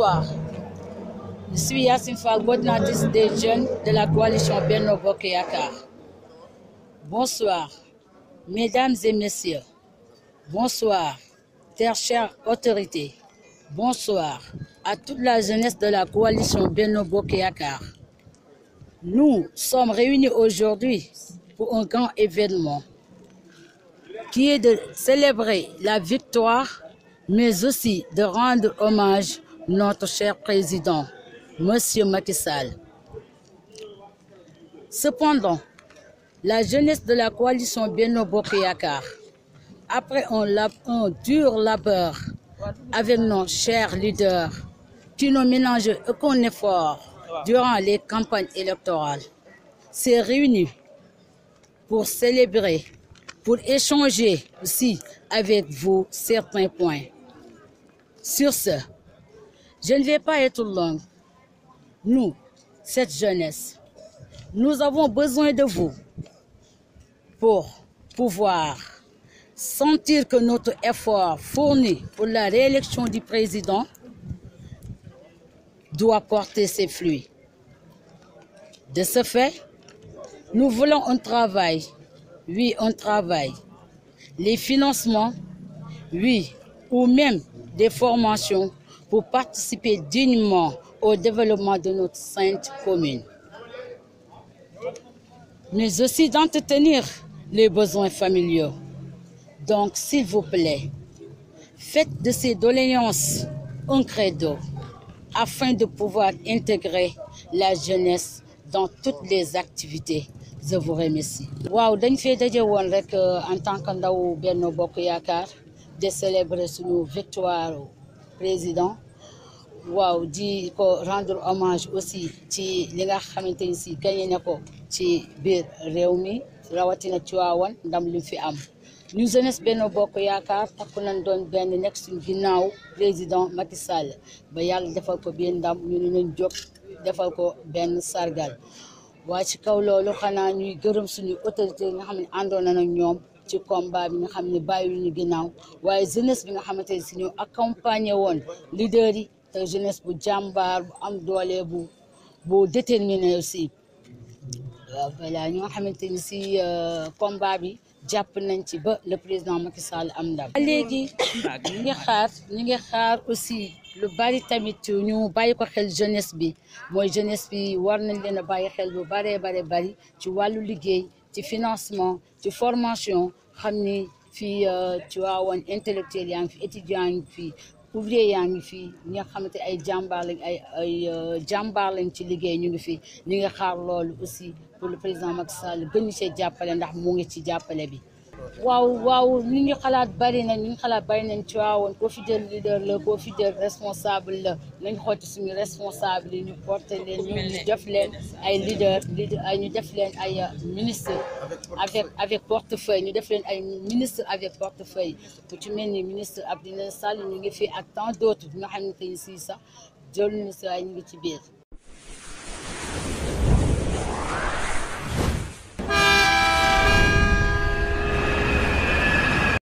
Bonsoir. Je suis Yassine Fall, de la coalition Benno Bokk Yakaar. Bonsoir, mesdames et messieurs. Bonsoir, très chères autorités. Bonsoir à toute la jeunesse de la coalition Benno Bokk Yakaar. Nous sommes réunis aujourd'hui pour un grand événement qui est de célébrer la victoire, mais aussi de rendre hommage notre cher président, Monsieur Macky Sall. Cependant, la jeunesse de la coalition Benno Bokk Yakaar, après un, lab, un dur labeur avec nos chers leaders qui n'ont mélangé aucun effort durant les campagnes électorales, s'est réunie pour célébrer, pour échanger aussi avec vous certains points. Sur ce, Je ne vais pas être longue. Nous, cette jeunesse, nous avons besoin de vous pour pouvoir sentir que notre effort fourni pour la réélection du président doit porter ses fruits. De ce fait, nous voulons un travail. Oui, un travail. Les financements, oui, ou même des formations pour participer dignement au développement de notre sainte commune, mais aussi d'entretenir les besoins familiaux. Donc, s'il vous plaît, faites de ces doléances un credo afin de pouvoir intégrer la jeunesse dans toutes les activités. Je vous remercie. waaw dañ euh, en tant que ndaw Benno Bokk Yaakaar de célébrer suñu victoire président waaw di ko rendre hommage aussi ci li nga xamante ni si gagné na ko ci biir réew mi rawatina ci waawan ndam li fi am ñu jeunesse Benno Bokk Yaakaar takku nañ doon benn nekk suñ ginnaaw président Macky ba yàlla defal ko biir ndam ñu ne nañ jóg defal ko benn sargal waa ci kaw loolu xanaa ñuy gërëm suñu autorité yi nga xam ne àndoon na ak ñoom ci combat bi nga xam ne bàyyiwuñu ginnaaw waaye jeunesse bi nga xamante ne si ñu accompagner woon leader yi te jeunesse bu jàmbaar bu am doole bu bu déterminé si waaw balaa ñoo xamante ni si euh, combat bi jàpp nañ ci ba le président Macky am ndam. léegi ñu ngi xaar ñu ngi xaar aussi lu bari tamit ñu bàyyi ko xel jeunesse bi mooy jeunesse bi war nañ leen a bàyyi xel bu baree bare bari ci wàllu liggéey ci financement ci formation xam ni fii ci euh, waawoon intellectuel yaa ngi fi étudiant fi ouvrier yaa ngi fi ñi nga xamante ay jàmbaar lañ ay ay euh, jàmbaar lañ ci liggéey ñu ngi fi ñu ngi xaar loolu aussi pour le président Macky Sall gën ñu see jàppale ndax mu ngi ci jàppale bi waaw waaw li ngi xalaat bari nañ li ñu xalaat bari nañ ci waawoon koo fi jël leader la koo fi jël responsable la nañ xool ci suñu responsable yi ñu porté leen ñu def leen ay leader ay ñu def leen ay euh, ministre avec avec portefeuille ñu def leen ay ministre avec portefeuille ku ci mel ni ministre Abdoulaye salli ñu ngi fi ak tant d'autres bi nga xamante ni si sax jël ñu si waaye ñu ngi ci biir